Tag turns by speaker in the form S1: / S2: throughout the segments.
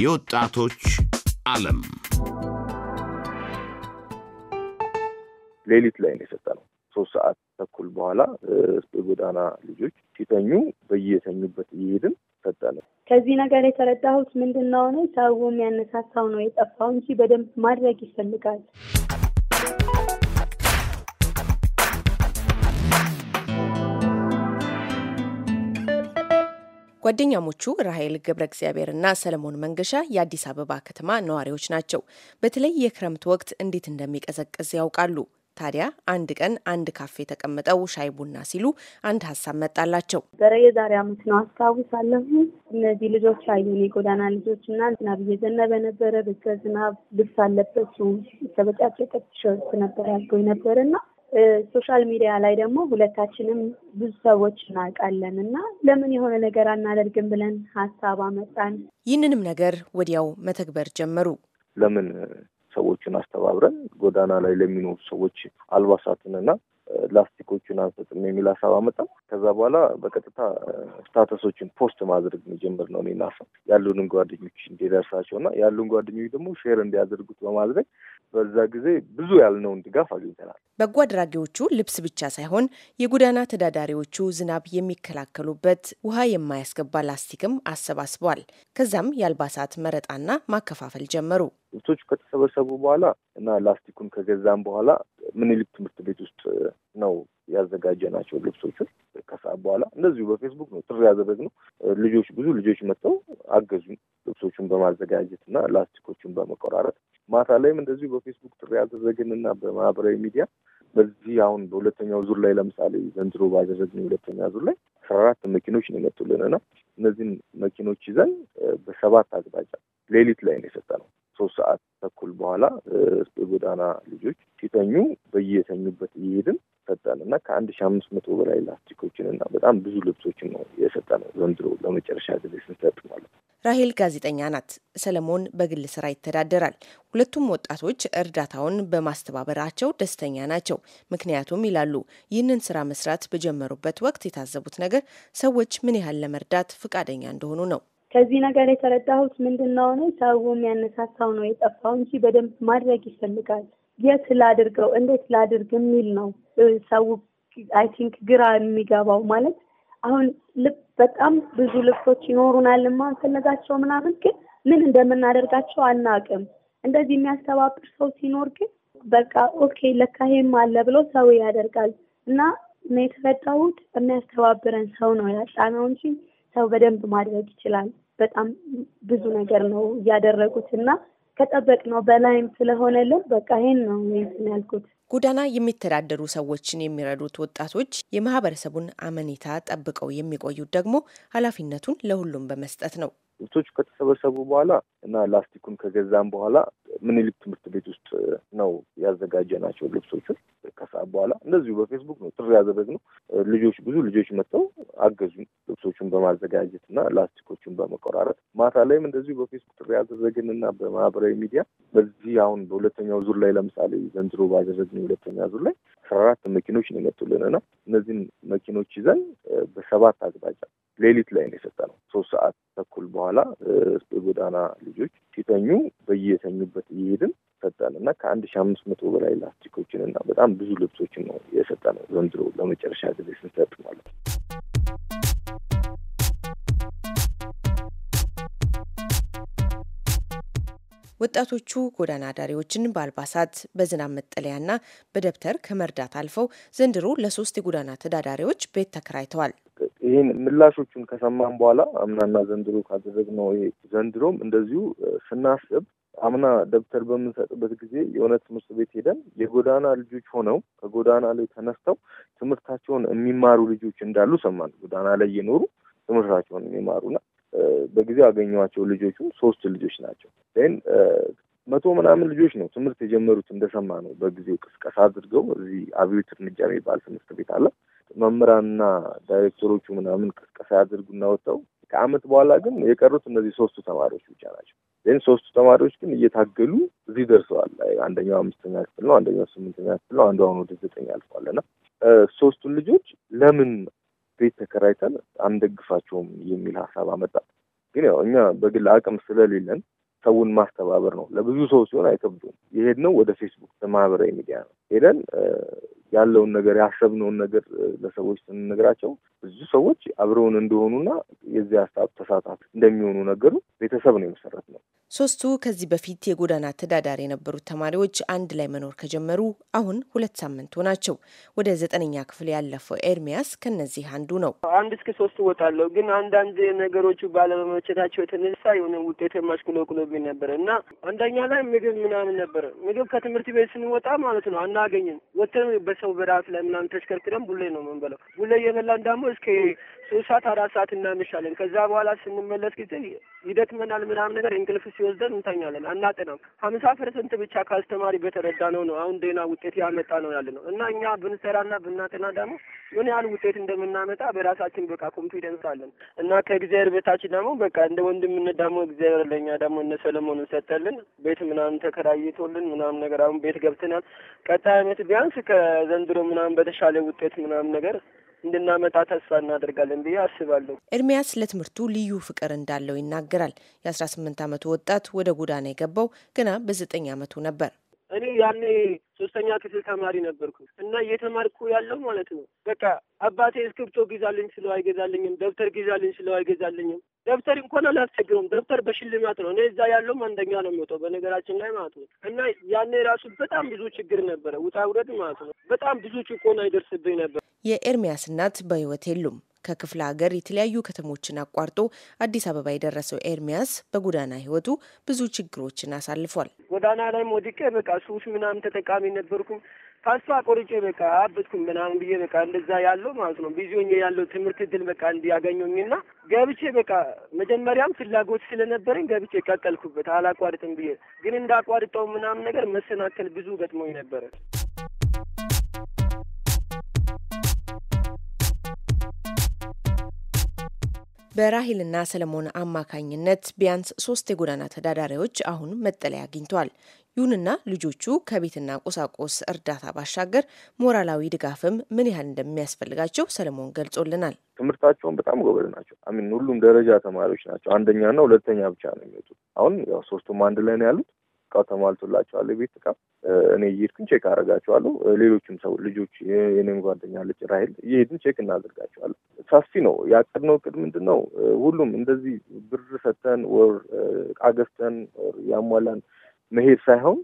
S1: የወጣቶች ዓለም ሌሊት ላይ ነው የሰጠ ነው። ሶስት ሰዓት ተኩል በኋላ የጎዳና ልጆች ሲተኙ በየተኙበት እየሄድን ሰጠ ነው።
S2: ከዚህ ነገር የተረዳሁት ምንድን ነው ነው ሰው የሚያነሳሳው ነው የጠፋው እንጂ በደንብ ማድረግ ይፈልጋል።
S3: ጓደኛሞቹ ራሄል ገብረ እግዚአብሔርና ሰለሞን መንገሻ የአዲስ አበባ ከተማ ነዋሪዎች ናቸው። በተለይ የክረምት ወቅት እንዴት እንደሚቀዘቅዝ ያውቃሉ። ታዲያ አንድ ቀን አንድ ካፌ ተቀምጠው ሻይ ቡና ሲሉ አንድ ሀሳብ መጣላቸው።
S2: በረ የዛሬ አመት ነው አስታውሳለሁ። እነዚህ ልጆች አየን የጎዳና ልጆች እና ዝናብ እየዘነበ ነበረ። በዛ ዝናብ ልብስ አለበሱ ተበጫጨቀ ቲሸርት ነበር ያልጎኝ ነበር እና ሶሻል ሚዲያ ላይ ደግሞ ሁለታችንም ብዙ ሰዎች እናውቃለን እና ለምን የሆነ ነገር አናደርግም
S3: ብለን ሀሳብ አመጣን። ይህንንም ነገር ወዲያው መተግበር ጀመሩ። ለምን
S1: ሰዎችን አስተባብረን ጎዳና ላይ ለሚኖሩ ሰዎች አልባሳትንና ላስቲኮቹን አንሰጥም የሚል ሀሳብ አመጣ። ከዛ በኋላ በቀጥታ ስታተሶችን ፖስት ማድረግ መጀመር ነው። ናሳ ያሉንን ጓደኞች እንዲደርሳቸው እና ያሉን ጓደኞች ደግሞ ሼር እንዲያደርጉት በማድረግ በዛ ጊዜ ብዙ ያልነውን ድጋፍ አግኝተናል።
S3: በጎ አድራጊዎቹ ልብስ ብቻ ሳይሆን የጎዳና ተዳዳሪዎቹ ዝናብ የሚከላከሉበት ውሃ የማያስገባ ላስቲክም አሰባስበዋል። ከዛም የአልባሳት መረጣና ማከፋፈል ጀመሩ። ልብሶቹ
S1: ከተሰበሰቡ በኋላ እና ላስቲኩን ከገዛም በኋላ ምኒልክ ትምህርት ቤት ውስጥ ነው ያዘጋጀ ናቸው ልብሶቹን ከሰዓት በኋላ እንደዚሁ በፌስቡክ ነው ጥሪ ያደረግነው። ልጆች ብዙ ልጆች መጥተው አገዙ ልብሶቹን በማዘጋጀት እና ላስቲኮቹን በመቆራረጥ ማታ ላይም እንደዚሁ በፌስቡክ ጥሪ ያልተደረገንና በማህበራዊ ሚዲያ በዚህ አሁን በሁለተኛው ዙር ላይ ለምሳሌ ዘንድሮ ባደረግን ሁለተኛ ዙር ላይ አስራ አራት መኪኖች ነው የመጡልን እና እነዚህን መኪኖች ይዘን በሰባት አቅጣጫ ሌሊት ላይ ነው ነው ሶስት ሰዓት ተኩል በኋላ የጎዳና ልጆች ሲተኙ በየተኙበት እየሄድን ሰጠን እና ከአንድ ሺ አምስት መቶ በላይ ላስቲኮችን እና በጣም ብዙ ልብሶችን ነው ነው ዘንድሮ ለመጨረሻ ጊዜ ስንሰጥ ማለት
S3: ራሄል ጋዜጠኛ ናት። ሰለሞን በግል ስራ ይተዳደራል። ሁለቱም ወጣቶች እርዳታውን በማስተባበራቸው ደስተኛ ናቸው። ምክንያቱም ይላሉ ይህንን ስራ መስራት በጀመሩበት ወቅት የታዘቡት ነገር ሰዎች ምን ያህል ለመርዳት ፈቃደኛ እንደሆኑ ነው።
S2: ከዚህ ነገር የተረዳሁት ምንድነው ነው ሰው የሚያነሳሳው ነው የጠፋው እንጂ በደንብ ማድረግ ይፈልጋል። የት ላድርገው፣ እንዴት ላድርግ የሚል ነው ሰው አይ ቲንክ ግራ የሚገባው ማለት አሁን ልብ በጣም ብዙ ልብሶች ይኖሩናል የማንፈልጋቸው ምናምን፣ ግን ምን እንደምናደርጋቸው አናቅም እንደዚህ የሚያስተባብር ሰው ሲኖር ግን በቃ ኦኬ ለካ ይሄም አለ ብሎ ሰው ያደርጋል እና እኔ የተረዳሁት የሚያስተባብረን ሰው ነው ያጣነው እንጂ ሰው በደንብ ማድረግ ይችላል። በጣም ብዙ ነገር ነው እያደረጉት እና ከጠበቅነው በላይም ስለሆነልን በቃ ይህን ነው ያልኩት።
S3: ጎዳና የሚተዳደሩ ሰዎችን የሚረዱት ወጣቶች የማህበረሰቡን አመኔታ ጠብቀው የሚቆዩት ደግሞ ኃላፊነቱን ለሁሉም በመስጠት ነው።
S1: ምርቶቹ ከተሰበሰቡ በኋላ እና ላስቲኩን ከገዛም በኋላ ምኒልክ ትምህርት ቤት ውስጥ ነው ያዘጋጀ ናቸው ልብሶቹን። ከሰዓት በኋላ እንደዚሁ በፌስቡክ ነው ጥሪ ያደረግነው። ልጆች ብዙ ልጆች መጥተው አገዙን ልብሶቹን በማዘጋጀት እና ላስቲኮቹን በመቆራረጥ። ማታ ላይም እንደዚሁ በፌስቡክ ጥሪ ያደረግን እና በማህበራዊ ሚዲያ በዚህ አሁን በሁለተኛው ዙር ላይ ለምሳሌ ዘንድሮ ባደረግን ሁለተኛ ዙር ላይ አስራ አራት መኪኖች ነው የመጡልን እና እነዚህን መኪኖች ይዘን በሰባት አቅጣጫ ሌሊት ላይ ነው የሰጠ ነው። ሶስት ሰዓት ተኩል በኋላ የጎዳና ልጆች ሲተኙ በየተኙበት እየሄድን ሰጠን እና ከአንድ ሺ አምስት መቶ በላይ ላስቲኮችን እና በጣም ብዙ ልብሶችን ነው የሰጠ ነው ዘንድሮ ለመጨረሻ ጊዜ ስንሰጥ ማለት ነው።
S3: ወጣቶቹ ጎዳና አዳሪዎችን በአልባሳት በዝናብ መጠለያና በደብተር ከመርዳት አልፈው ዘንድሮ ለሶስት የጎዳና ተዳዳሪዎች ቤት ተከራይተዋል።
S1: ይህን ምላሾቹን ከሰማን በኋላ አምናና ዘንድሮ ካደረግነው ይሄ ዘንድሮም እንደዚሁ ስናስብ አምና ደብተር በምንሰጥበት ጊዜ የሆነ ትምህርት ቤት ሄደን የጎዳና ልጆች ሆነው ከጎዳና ላይ ተነስተው ትምህርታቸውን የሚማሩ ልጆች እንዳሉ ሰማን። ጎዳና ላይ የኖሩ ትምህርታቸውን የሚማሩና በጊዜው ያገኘኋቸው ልጆቹ ሶስት ልጆች ናቸው። ን መቶ ምናምን ልጆች ነው ትምህርት የጀመሩት እንደሰማ ነው። በጊዜው ቅስቀሳ አድርገው እዚህ አብዮት እርምጃ የሚባል ትምህርት ቤት አለ መምህራንና ዳይሬክተሮቹ ምናምን ቅስቀሳ ያደርጉና ወጥተው ከአመት በኋላ ግን የቀሩት እነዚህ ሶስቱ ተማሪዎች ብቻ ናቸው። ግን ሶስቱ ተማሪዎች ግን እየታገሉ እዚህ ደርሰዋል። አንደኛው አምስተኛ ክፍል ነው፣ አንደኛው ስምንተኛ ክፍል ነው፣ አንዱ አሁን ወደ ዘጠኝ ያልፈዋል። እና ሶስቱን ልጆች ለምን ቤት ተከራይተን አንደግፋቸውም የሚል ሀሳብ አመጣ። ግን ያው እኛ በግል አቅም ስለሌለን ሰውን ማስተባበር ነው። ለብዙ ሰው ሲሆን አይከብዱም። የሄድነው ወደ ፌስቡክ ማህበራዊ ሚዲያ ነው ሄደን ያለውን ነገር ያሰብነውን ነገር ለሰዎች ስንነግራቸው ብዙ ሰዎች አብረውን እንደሆኑና የዚህ ሀሳብ ተሳታፊ እንደሚሆኑ ነገሩ። ቤተሰብ ነው የመሰረት ነው።
S3: ሶስቱ ከዚህ በፊት የጎዳና ተዳዳሪ የነበሩት ተማሪዎች አንድ ላይ መኖር ከጀመሩ አሁን ሁለት ሳምንት ሆናቸው። ወደ ዘጠነኛ ክፍል ያለፈው ኤርሚያስ ከነዚህ አንዱ ነው።
S4: አንድ እስከ ሶስት እወጣለሁ፣ ግን አንዳንድ ነገሮቹ ባለመመቸታቸው የተነሳ የሆነ ውጤት የማሽቆለቁሎብኝ ነበረ እና አንደኛ ላይ ምግብ ምናምን ነበረ። ምግብ ከትምህርት ቤት ስንወጣ ማለት ነው አናገኝም ወተን ሰው በራስ ላይ ተሽከርክረን ቡሌ ነው የምንበላው። ቡሌ እየበላን ደግሞ እስከ ሶስት ሰዓት አራት ሰዓት እናመሻለን። ከዛ በኋላ ስንመለስ ጊዜ ይደክመናል ምናምን ነገር እንቅልፍ ሲወስደን እንተኛለን። አናጠናም። ሀምሳ ፐርሰንት ብቻ ካስተማሪ በተረዳ ነው ነው አሁን ዴና ውጤት ያመጣ ነው ያለ ነው እና እኛ ብንሰራና ብናጠና ደግሞ ምን ያህል ውጤት እንደምናመጣ በራሳችን በቃ ኮንፊደንስ አለን እና ከእግዚአብሔር በታች ደግሞ በቃ እንደ ወንድምነት ደግሞ እግዚአብሔር ለእኛ ደግሞ እነ ሰለሞን ሰጠልን ቤት ምናምን ተከራይቶልን ምናምን ነገር አሁን ቤት ገብተናል። ቀጣይ አመት ቢያንስ ከዛ ዘንድሮ ምናምን በተሻለ ውጤት ምናምን ነገር እንድናመጣ ተስፋ እናደርጋለን ብዬ አስባለሁ።
S3: ኤርሚያስ ለትምህርቱ ልዩ ፍቅር እንዳለው ይናገራል። የአስራ ስምንት አመቱ ወጣት ወደ ጎዳና የገባው ገና በዘጠኝ አመቱ ነበር።
S4: እኔ ያኔ ሶስተኛ ክፍል ተማሪ ነበርኩ እና እየተማርኩ ያለው ማለት ነው። በቃ አባቴ እስክሪብቶ ግዛልኝ ስለው አይገዛልኝም፣ ደብተር ግዛልኝ ስለው አይገዛልኝም። ደብተር እንኳን አላስቸግረውም። ደብተር በሽልማት ነው። እኔ እዛ ያለውም አንደኛ ነው የሚወጣው በነገራችን ላይ ማለት ነው። እና ያኔ ራሱ በጣም ብዙ ችግር ነበረ፣ ውጣ ውረድ ማለት ነው። በጣም ብዙ ጭቆና ይደርስብኝ ነበር።
S3: የኤርሚያስ እናት በህይወት የሉም። ከክፍለ ሀገር የተለያዩ ከተሞችን አቋርጦ አዲስ አበባ የደረሰው ኤርሚያስ በጎዳና ህይወቱ ብዙ ችግሮችን አሳልፏል።
S4: ጎዳና ላይ ወድቄ በቃ ሱስ ምናምን ተጠቃሚ ነበርኩም። ከእሷ ቆርጬ በቃ አበጥኩኝ ምናምን ብዬ በቃ እንደዛ ያለው ማለት ነው። ቢዚ ሆኜ ያለው ትምህርት እድል በቃ እንዲያገኘኝና ገብቼ በቃ መጀመሪያም ፍላጎት ስለነበረኝ ገብቼ ቀጠልኩበት አላቋርጥም ብዬ ግን እንዳቋርጠው ምናምን ነገር መሰናከል ብዙ ገጥሞኝ ነበረ።
S3: በራሂልና ሰለሞን አማካኝነት ቢያንስ ሶስት የጎዳና ተዳዳሪዎች አሁን መጠለያ አግኝተዋል። ይሁንና ልጆቹ ከቤትና ቁሳቁስ እርዳታ ባሻገር ሞራላዊ ድጋፍም ምን ያህል እንደሚያስፈልጋቸው ሰለሞን ገልጾልናል።
S1: ትምህርታቸውን በጣም ጎበዝ ናቸው። አሚን ሁሉም ደረጃ ተማሪዎች ናቸው። አንደኛና ሁለተኛ ብቻ ነው የሚወጡት። አሁን ያው ሶስቱም አንድ ላይ ነው ያሉት። እቃው ተሟልቶላቸዋል። የቤት እቃ እኔ እየሄድኩኝ ቼክ አደርጋቸዋለሁ። ሌሎችም ሰው ልጆች የኔም ጓደኛ ልጭ ራይል እየሄድን ቼክ እናደርጋቸዋለን። ሰፊ ነው። ያቀድነው እቅድ ምንድን ነው? ሁሉም እንደዚህ ብር ሰተን ወር ዕቃ ገዝተን ያሟላን መሄድ ሳይሆን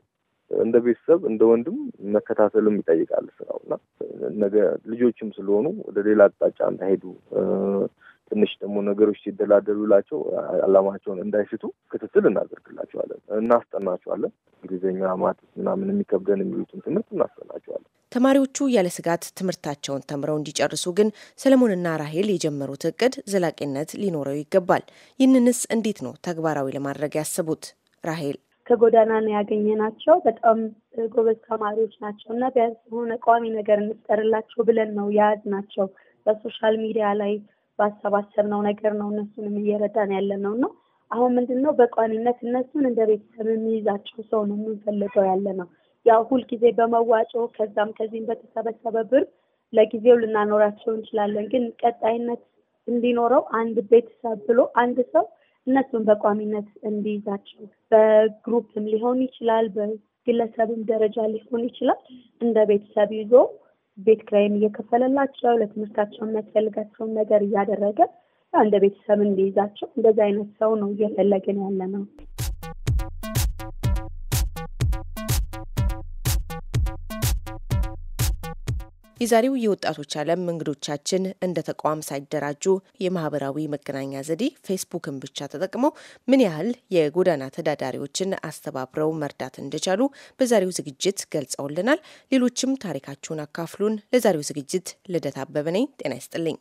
S1: እንደ ቤተሰብ እንደ ወንድም መከታተልም ይጠይቃል ስራው እና ነገ ልጆችም ስለሆኑ ወደ ሌላ አቅጣጫ እንዳይሄዱ ትንሽ ደግሞ ነገሮች ሲደላደሉላቸው አላማቸውን እንዳይስቱ ክትትል እናደርግላቸዋለን፣ እናስጠናቸዋለን። እንግሊዝኛ ማት ምናምን የሚከብደን የሚሉትን ትምህርት እናስጠናቸዋለን።
S3: ተማሪዎቹ ያለ ስጋት ትምህርታቸውን ተምረው እንዲጨርሱ ግን ሰለሞንና ራሄል የጀመሩት እቅድ ዘላቂነት ሊኖረው ይገባል። ይህንንስ እንዴት ነው ተግባራዊ ለማድረግ ያሰቡት? ራሄል ከጎዳና ነው ያገኘናቸው።
S2: በጣም ጎበዝ ተማሪዎች ናቸው እና ቢያንስ የሆነ ቋሚ ነገር እንፍጠርላቸው ብለን ነው የያዝናቸው። በሶሻል ሚዲያ ላይ ባሰባሰብነው ነገር ነው እነሱንም እየረዳን ያለ ነው እና አሁን ምንድን ነው በቋሚነት እነሱን እንደ ቤተሰብ የሚይዛቸው ሰው ነው የምንፈልገው ያለ ነው። ያው ሁልጊዜ በመዋጮ ከዛም ከዚህም በተሰበሰበ ብር ለጊዜው ልናኖራቸው እንችላለን። ግን ቀጣይነት እንዲኖረው አንድ ቤተሰብ ብሎ አንድ ሰው እነሱን በቋሚነት እንዲይዛቸው በግሩፕም ሊሆን ይችላል፣ በግለሰብም ደረጃ ሊሆን ይችላል። እንደ ቤተሰብ ይዞ ቤት ክራይም እየከፈለላቸው ለትምህርታቸው የሚያስፈልጋቸውን ነገር እያደረገ እንደ ቤተሰብ እንዲይዛቸው እንደዚህ አይነት ሰው ነው እየፈለግን ያለ ነው።
S3: የዛሬው የወጣቶች ዓለም እንግዶቻችን እንደ ተቋም ሳይደራጁ የማህበራዊ መገናኛ ዘዴ ፌስቡክን ብቻ ተጠቅመው ምን ያህል የጎዳና ተዳዳሪዎችን አስተባብረው መርዳት እንደቻሉ በዛሬው ዝግጅት ገልጸውልናል። ሌሎችም ታሪካችሁን አካፍሉን። ለዛሬው ዝግጅት ልደት አበበ ነኝ። ጤና ይስጥልኝ።